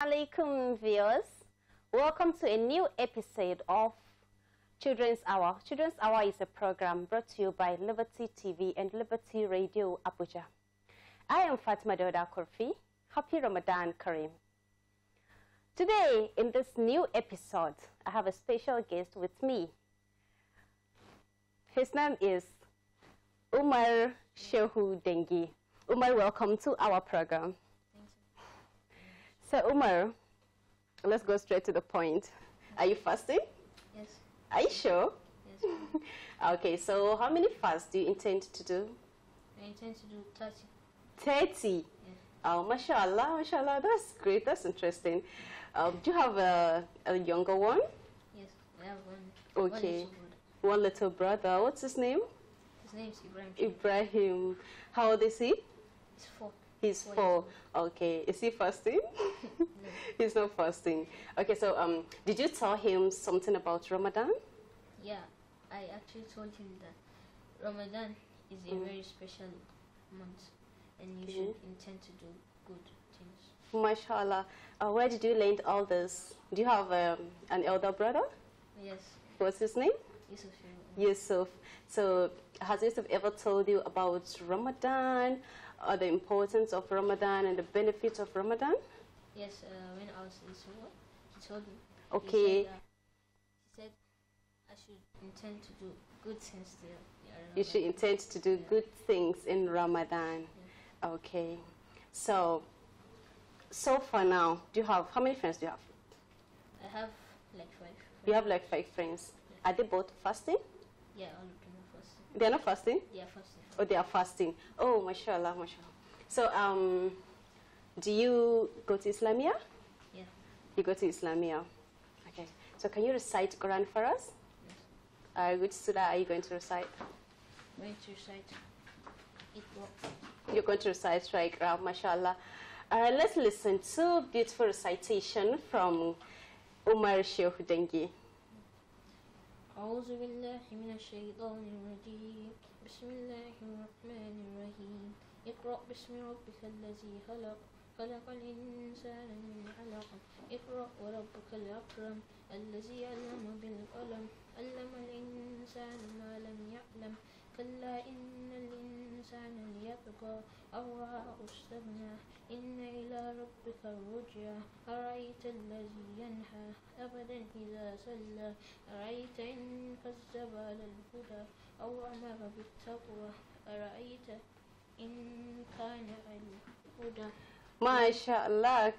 alaikum viewers. Welcome to a new episode of Children's Hour. Children's Hour is a program brought to you by Liberty TV and Liberty Radio Abuja. I am Fatima Doda Kurfi. Happy Ramadan Kareem. Today, in this new episode, I have a special guest with me. His name is Umar Shehu Dengi. Umar, welcome to our program. So Umar, let's go straight to the point. Are you fasting? Yes. Are you sure? Yes. okay, so how many fasts do you intend to do? I intend to do 30. 30? Yes. Oh, mashallah, mashallah, that's great, that's interesting. Um, do you have a, a younger one? Yes, I have one. Okay. One little brother. One little brother. What's his name? His name is Ibrahim. Ibrahim. How old is he? He's four. He's full. Okay. Is he fasting? He's not fasting. Okay, so um, did you tell him something about Ramadan? Yeah, I actually told him that Ramadan is a mm. very special month and you mm. should intend to do good things. Mashallah. Uh, where did you learn all this? Do you have um, an elder brother? Yes. What's his name? Yusuf. Yusuf. So has Yusuf ever told you about Ramadan? uh, the importance of Ramadan and the benefits of Ramadan? Yes, uh, when I was in school, he told me. Okay. He said, uh, he said I should intend to do good things there. You should intend to do yeah. good things in Ramadan. Yeah. Okay. So, so far now, do you have, how many friends do you have? I have like five. Friends. You have like five friends. Yeah. Are they both fasting? Yeah, all they're not fasting? They are fasting. Oh, they are fasting. Oh, mashallah, mashallah. So, um, do you go to Islamia? Yeah. You go to Islamia. Okay. So, can you recite Quran for us? Yes. Uh, which surah are you going to recite? I'm going to recite You're going to recite right, Iqra, mashallah. Uh, let's listen to beautiful recitation from Umar Shehu Dengi. أعوذ بالله من الشيطان الرجيم بسم الله الرحمن الرحيم اقرأ باسم ربك الذي خلق خلق الإنسان من علق اقرأ وربك الأكرم الذي علم بالقلم علم الإنسان ما لم يعلم كلا إن الإنسان ليطغى أن استغنى إن إلى ربك الرجعى أرأيت الذي ينهى أبدا إذا سلى أرأيت إن كذب على الهدى أو أمر بالتقوى أرأيت إن كان على الهدى ما شاء الله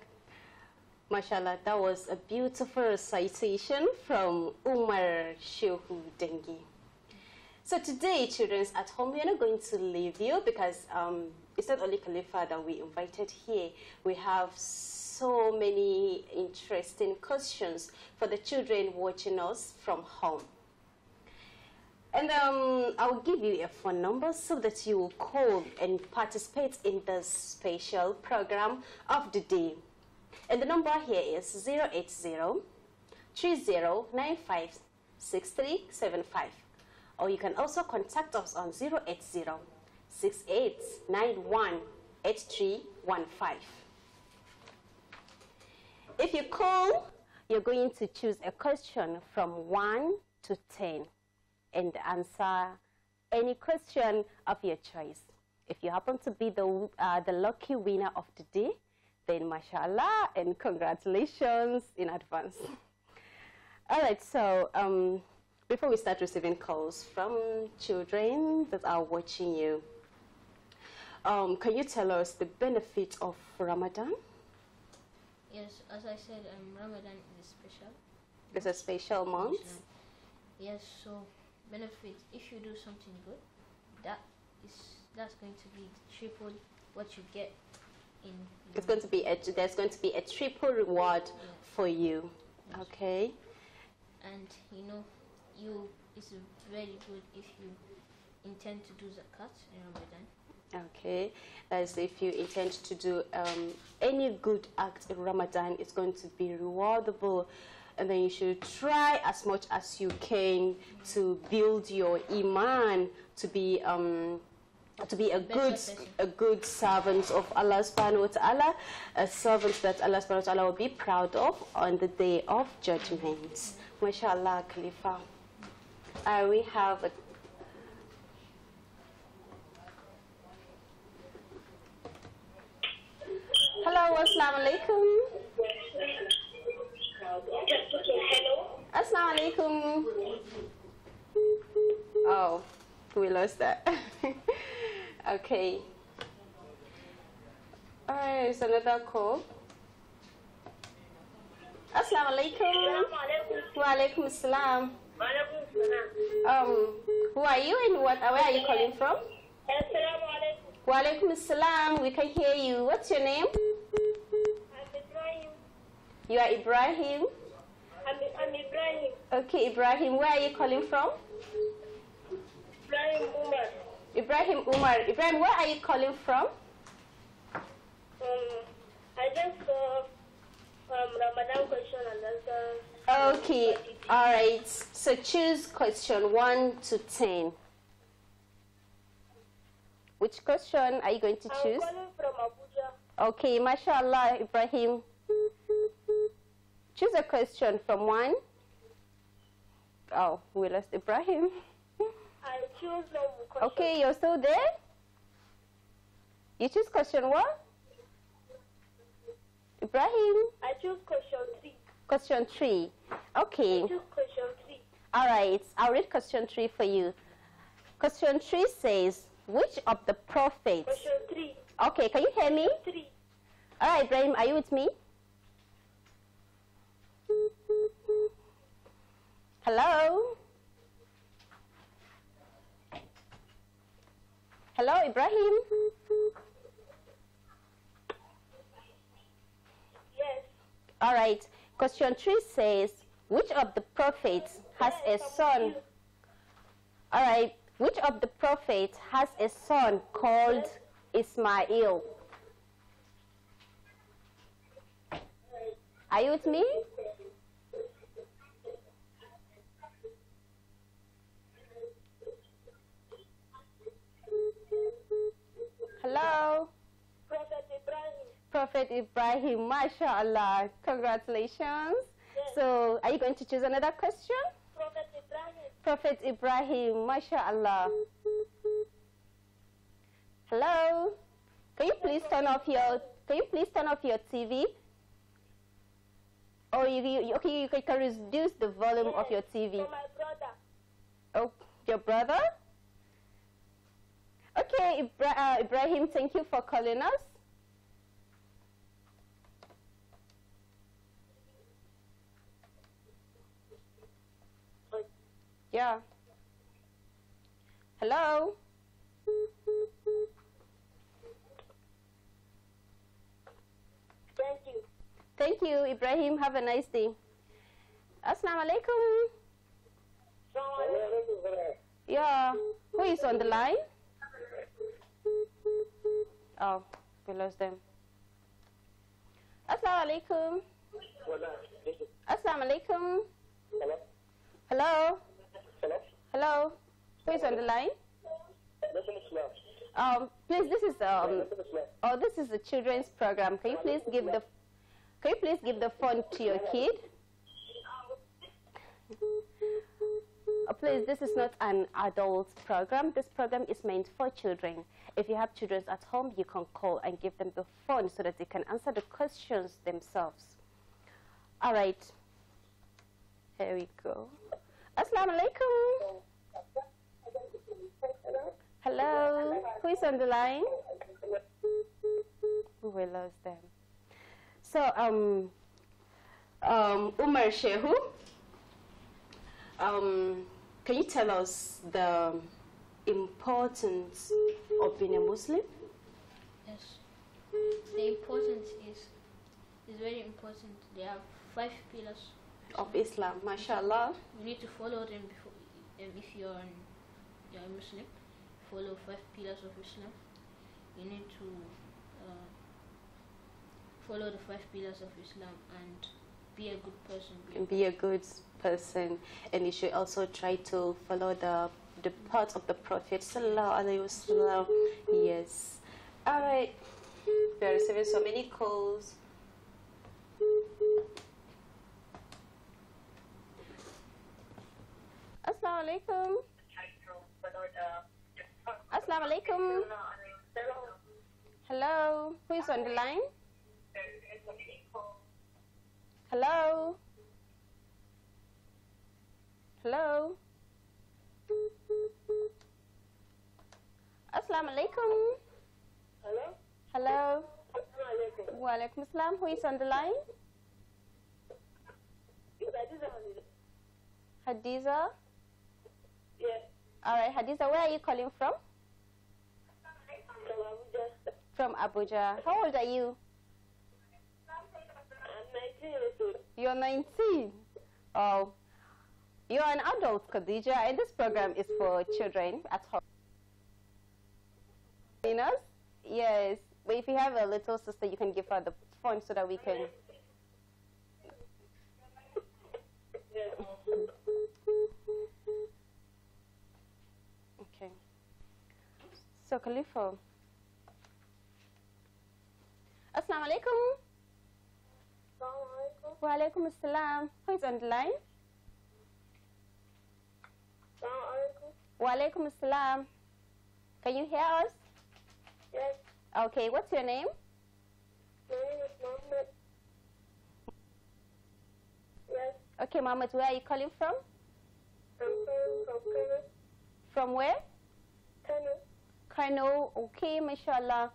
Mashallah, that was a beautiful recitation from Umar Shehu Dengi. So today, children at home, we are not going to leave you because um, it's not only Khalifa that we invited here. We have so many interesting questions for the children watching us from home. And um, I'll give you a phone number so that you will call and participate in this special program of the day. And the number here is 080 3095 6375 or you can also contact us on 080 If you call, you're going to choose a question from 1 to 10 and answer any question of your choice. If you happen to be the, uh, the lucky winner of today, then mashallah and congratulations in advance. All right, so um, before we start receiving calls from children that are watching you, um, can you tell us the benefit of Ramadan? Yes, as I said, um, Ramadan is special. It's a special month? Yes, so benefit, if you do something good, that is, that's going to be triple what you get in... It's going to be a, there's going to be a triple reward yeah. for you. Yes. Okay. And, you know, you it's very good if you intend to do zakat in Ramadan. Okay, as if you intend to do um, any good act in Ramadan, it's going to be rewardable. And then you should try as much as you can to build your iman to be um, to be a good a good servant of Allah subhanahu wa ta'ala, a servant that Allah subhanahu wa ta'ala will be proud of on the day of judgment. MashaAllah, Khalifa. Uh, we have a Hello, assalamu alaikum. Assalamu alaikum. Oh, we lost that. okay. Alright, it's another call. Assalamu alaikum. Wa alaikum assalam. Um, who are you and what, where are you calling from? Wa alaikum assalam. We can hear you. What's your name? Ibrahim. You are Ibrahim? I'm, I'm Ibrahim. Okay, Ibrahim. Where are you calling from? Ibrahim Umar. Ibrahim Umar. Ibrahim, where are you calling from? Um, I just saw um, Ramadan question and answer. Okay. All right, so choose question 1 to 10. Which question are you going to I'm choose? Calling from Abuja. Okay, mashallah, Ibrahim. choose a question from 1. Oh, we lost Ibrahim. I choose question. Okay, you're still there? You choose question what? Ibrahim? I choose question 3. Question 3. Okay. All right, I'll read question three for you. Question three says, which of the prophets? Question three. Okay, can you hear me? Question three. All right, Ibrahim, are you with me? Hello? Hello, Ibrahim? Yes. All right. Question three says, which of the prophets has a son? All right. Which of the prophets has a son called Ismail? Are you with me? Hello? Prophet Ibrahim. Prophet Ibrahim, mashallah. Congratulations. So are you going to choose another question? Prophet Ibrahim. Prophet Ibrahim, mashallah. Hello? Can you please turn off your can you please turn off your TV? Or you, you okay, you can reduce the volume yes, of your TV. my brother. Oh, your brother? Okay, Ibra uh, Ibrahim, thank you for calling us. Yeah. Hello? Thank you. Thank you, Ibrahim. Have a nice day. Assalamu alaikum. Yeah. Who is on the line? Oh, we lost them. Assalamu alaikum. Assalamu alaikum. Hello. Hello. Hello? Who is on the line? Um, please, this is um, oh, this is a children's program. Can you please give the, can you please give the phone to your kid? Oh, please, this is not an adult program. This program is meant for children. If you have children at home, you can call and give them the phone so that they can answer the questions themselves. All right. Here we go. Assalamu alaikum. Hello, who is on the line? We lost them. So, um, um, Umar Shehu, um, can you tell us the importance of being a Muslim? Yes. The importance is is very important. There are five pillars of Islam. Mashallah. We need to follow them before and um, if you're, an, you're a Muslim, follow five pillars of Islam. You need to uh, follow the five pillars of Islam and be a good person. Be, be a good person, and you should also try to follow the the path of the Prophet sallallahu alaihi wasallam. Yes. All right. We are receiving so many calls. alaikum. Assalamu alaikum. Hello, who is on the line? Hello? Hello? Assalamu alaikum. Hello? Hello? Wa alaikum assalam. Who is on the line? Hadiza. All right, Hadiza, where are you calling from? From Abuja. From Abuja. How old are you? I'm 19 years You're 19? Oh. You're an adult, Khadija, and this program is for children at home. Yes, but if you have a little sister, you can give her the phone so that we can... So Khalifa. Assalamu alaikum. alaikum. Wa alaikum assalam. Who is on the line? Alaikum. Wa alaikum assalam. Can you hear us? Yes. Okay, what's your name? My name is Mohammed. Yes. Okay, Mohammed, where are you calling from? I'm calling from Kano. From where? Kano. I know, okay, mashallah.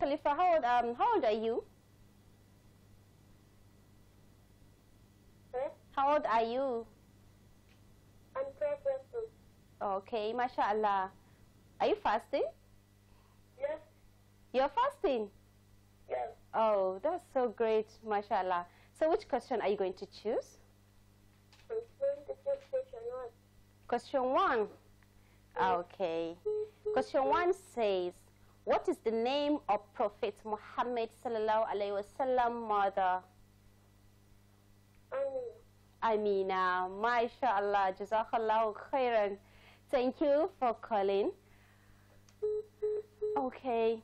Khalifa, how old, um, how old are you? How old are you? I'm 12 years old. Okay, mashallah. Are you fasting? Yes. You're fasting? Yes. Oh, that's so great, mashallah. So which question are you going to choose? I'm going to choose question one. Question one? Yes. Okay. Question one says, what is the name of Prophet Muhammad sallallahu alaihi wasallam mother? Amina. Allah. Jazakallahu khairan. Thank you for calling. Okay.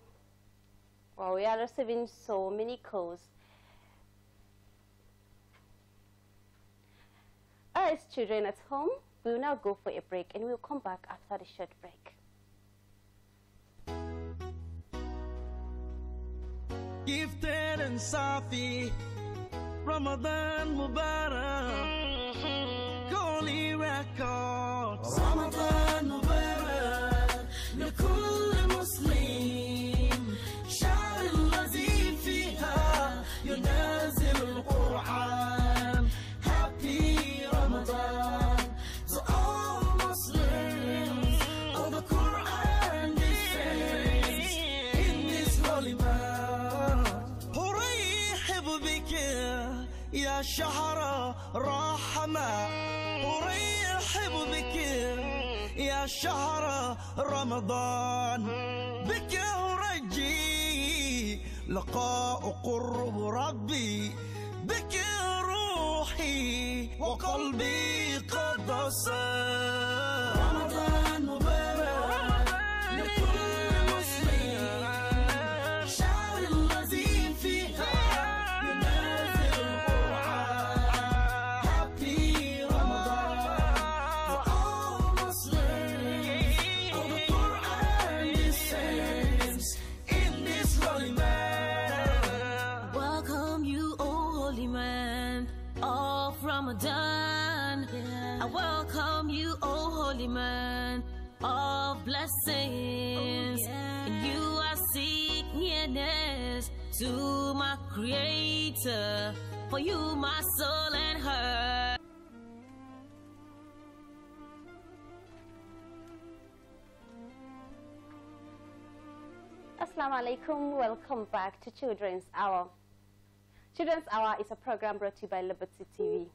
Well, we are receiving so many calls. As children at home, we will now go for a break and we'll come back after the short break. gifted and Safi. Ramadan Mubarak. Holy Records. Ramadan Mubarak. يا رحمة وريح بك يا شهر رمضان بك ورجي لقاء قرب ربي بك روحي وقلبي قد صار you my soul and heart. Assalamu alaikum, welcome back to Children's Hour. Children's Hour is a program brought to you by Liberty TV.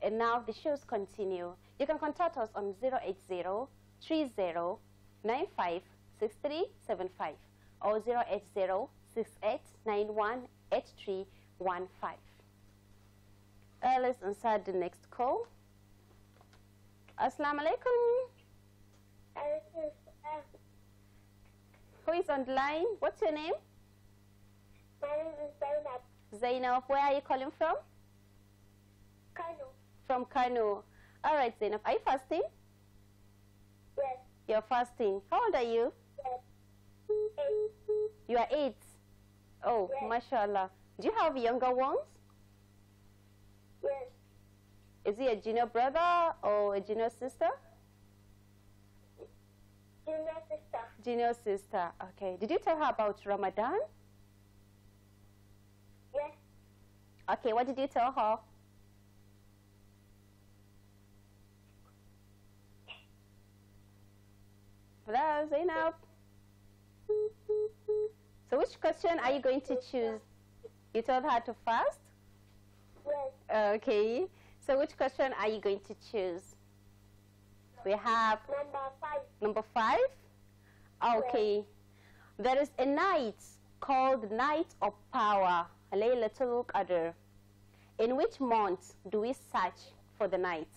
And now the shows continue. You can contact us on 080 6375 or 080 6891 Alice, inside the next call. Assalamu alaikum. Who is on the line? What's your name? My name is Zainab. Zainab, where are you calling from? Kano. From Kano. All right, Zainab, are you fasting? Yes. You're fasting. How old are you? Yes. Eight. You are eight. Oh, yes. mashallah. Do you have younger ones? Yes. Is he a junior brother or a junior sister? Junior sister. Junior sister. Okay. Did you tell her about Ramadan? Yes. Okay. What did you tell her? Hello, Zainab. So which question are you going to choose? You told her to fast? Yes. Uh, okay. So which question are you going to choose? We have number five. Number five? Okay. Yes. There is a night called Night of Power, look at her. In which month do we search for the night?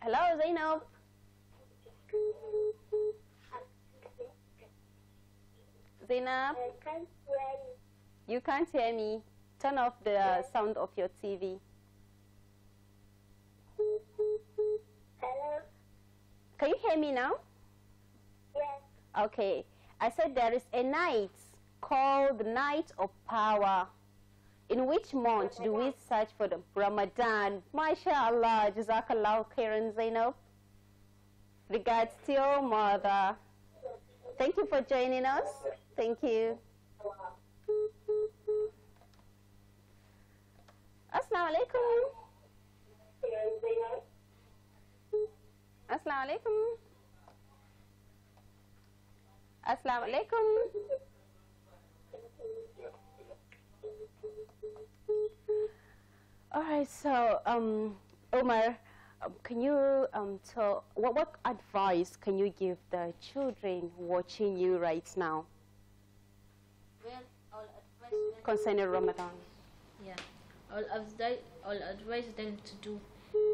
Hello, Zainab. Zainab? I can't hear you. You can't hear me? Turn off the uh, yes. sound of your TV. Hello? Can you hear me now? Yes. Okay. I said there is a night called Night of Power. In which month Ramadan. do we search for the Ramadan? MashaAllah, Jazakallah Khairan Zainab. Regards to your mother. Thank you for joining us. Thank you. Assalamu alaikum. Assalamu alaikum. Assalamu alaikum. All right, so um, Omar, um, can you um, tell what, what advice can you give the children watching you right now? concerning Ramadan. Yeah, I'll, I'll advise them to do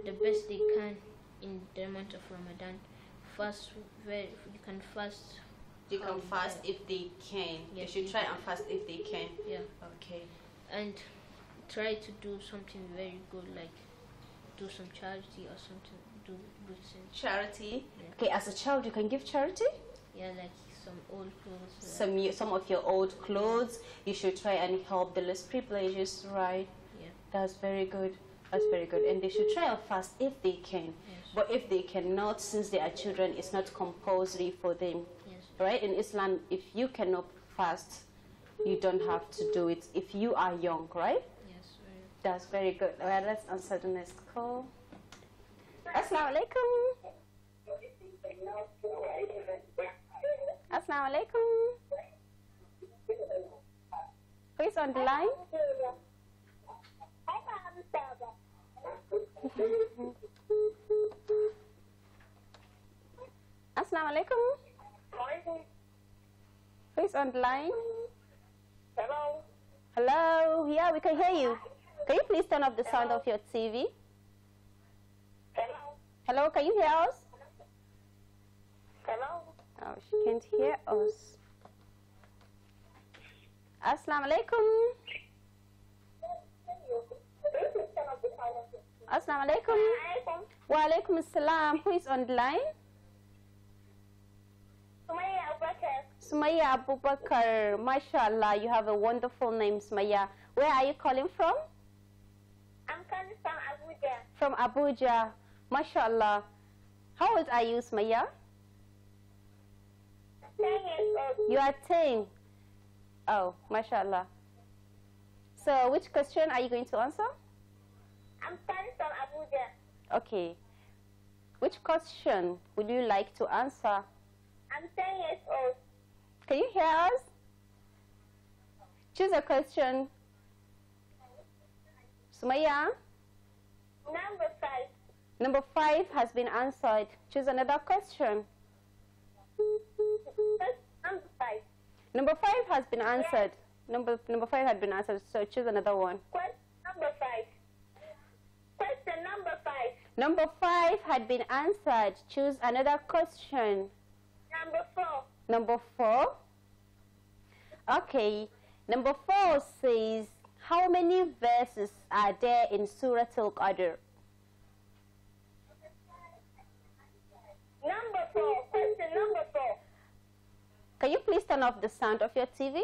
the best they can in the month of Ramadan. Fast, where you can fast. You can fast if they can. Yeah, they should try and fast if they can. Yeah. Okay. And try to do something very good, like do some charity or something. Do good things. Charity. Yeah. Okay, as a child, you can give charity. Yeah, like some old clothes. Right? Some some of your old clothes. You should try and help the less privileged, right? Yeah. That's very good. That's very good. And they should try out fast if they can. Yes. But if they cannot, since they are children, it's not compulsory for them. Yes. Right? In Islam, if you cannot fast, you don't have to do it. If you are young, right? Yes. That's very good. All right, let's answer the next call. Assalamu alaikum. Assalamu alaikum. Who is on the line? Assalamu alaikum. Who is on the line? Hello. Hello. Yeah, we can hear you. Can you please turn off the Hello. sound of your TV? Hello. Hello, can you hear us? Hello. Oh, she can't hear us. Assalamu alaikum. Assalamu alaikum. Wa alaikum assalam. Who is on the line? Sumaya Abubakar. Sumaya Abubakar. Mashallah, you have a wonderful name, Sumaya. Where are you calling from? I'm calling from Abuja. From Abuja. Mashallah. How old are you, Sumaya? You are 10. Oh, mashallah. So which question are you going to answer? I'm 10 from Abuja. Okay. Which question would you like to answer? I'm 10 years old. Can you hear us? Choose a question. Sumaya? Number five. Number five has been answered. Choose another question five. Number five has been answered. Number number five had been answered, so choose another one. Question number five. Question number five. Number five had been answered. Choose another question. Number four. Number four. Okay. Number four says, how many verses are there in Surah Al-Qadr? Number four. Question number four. Can you please turn off the sound of your TV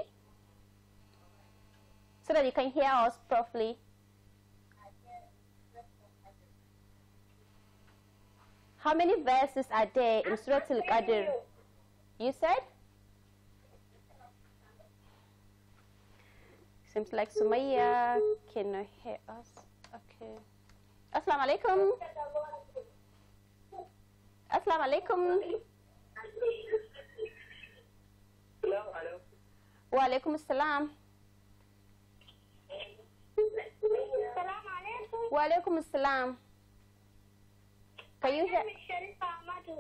so that you can hear us properly? How many verses are there in Surah Al-Qadr? You said? Seems like Sumaya cannot hear us. Okay. Assalamu alaikum. Assalamu alaikum. الو الو وعليكم السلام السلام عليكم وعليكم السلام Can you hear? Sharifa Amadu.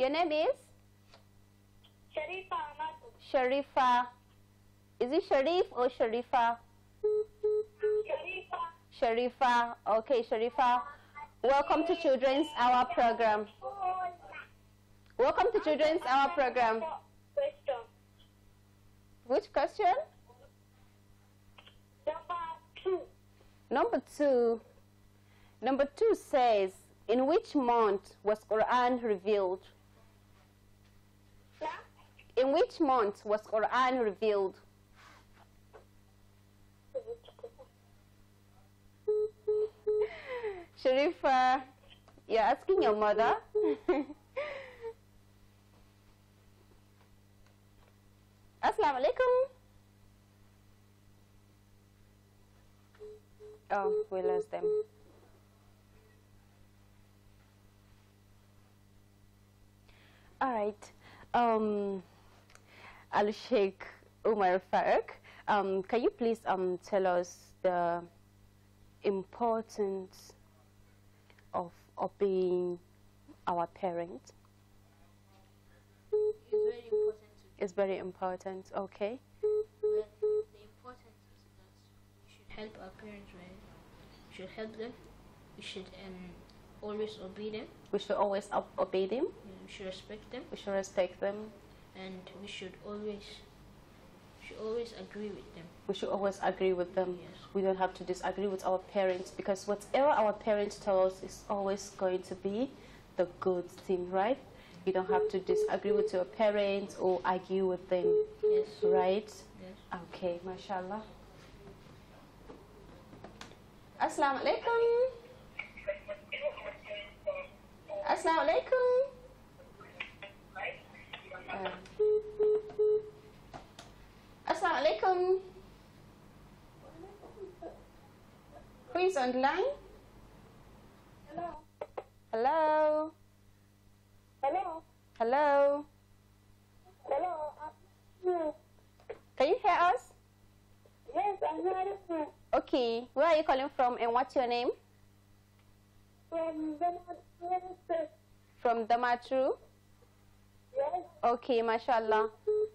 Your name is? Sharifa Amadu. Sharifa. Is it Sharif or Sharifa? Sharifa. Sharifa. Okay, Sharifa. Welcome to Children's Hour program. Welcome to Children's Hour program. Which question? Number two. Number two. Number two says, in which month was Quran revealed? Yeah. In which month was Quran revealed? Sharifa, you're asking your mother? Assalamu alaikum. Oh, we lost them. All right. Um, Al Sheikh Umar Faruk, um, can you please um, tell us the importance of obeying our parents? It's very important is very important, okay? the importance is that we should help our parents, right? We should help them. We should um, always obey them. We should always obey them. We should respect them. We should respect them. And we should always should always agree with them. We should always agree with them. Yes. We don't have to disagree with our parents because whatever our parents tell us is always going to be the good thing, right? You don't have to disagree with your parents or argue with them. Yes. Right? Yes. Okay, mashallah. Assalamu alaikum. Assalamu alaikum. Uh, Assalamu alaikum. Who is online? Hello. Hello. Hello. Hello. Hello. Hmm. Can you hear us? Yes, I hear you. Okay. Where are you calling from and what's your name? From Damatru. From Damatru? Yes. Okay, mashallah.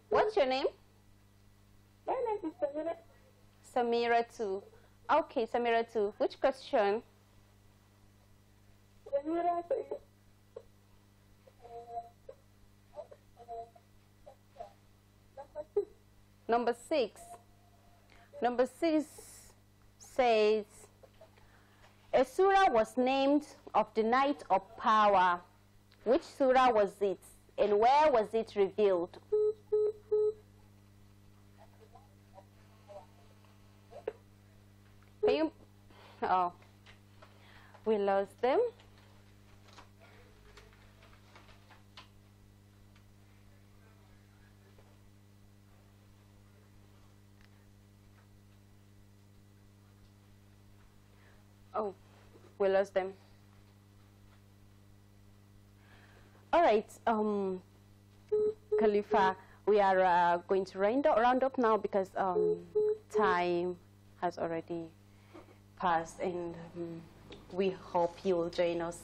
What's your name? My name is Samira. Samira too. Okay, Samira too. Which question? Samira Number six. Number six says, a surah was named of the night of power. Which surah was it? And where was it revealed? Can you, oh, we lost them. Oh, we lost them. All right, um, Khalifa, we are uh, going to round up, round up now because um, time has already passed and um, we hope you will join us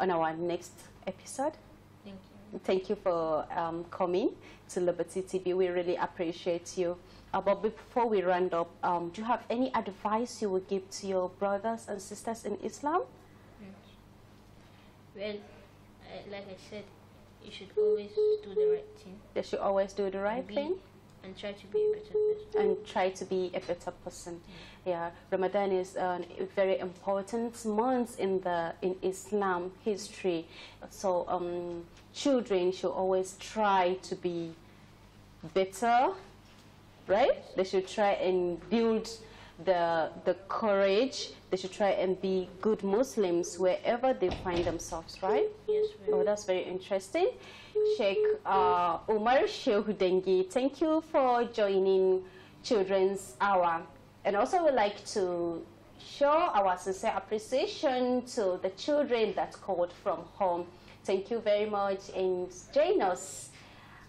on our next episode. Thank you. Thank you for um, coming to Liberty TV. We really appreciate you. Uh, but before we round up, um, do you have any advice you would give to your brothers and sisters in Islam? Well, uh, like I said, you should always do the right thing. They should always do the right and be, thing. And try to be a better person. And try to be a better person. Yeah, yeah. Ramadan is a very important month in the in Islam history. So um, children should always try to be better right? They should try and build the, the courage. They should try and be good Muslims wherever they find themselves, right? Yes, ma'am. Oh, that's very interesting. Sheikh uh, Umar Shehudengi, thank you for joining Children's Hour. And also, we'd like to show our sincere appreciation to the children that called from home. Thank you very much and join us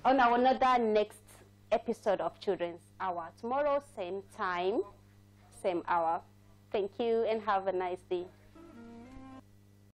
on our another next episode of Children's Hour. Tomorrow, same time, same hour. Thank you and have a nice day.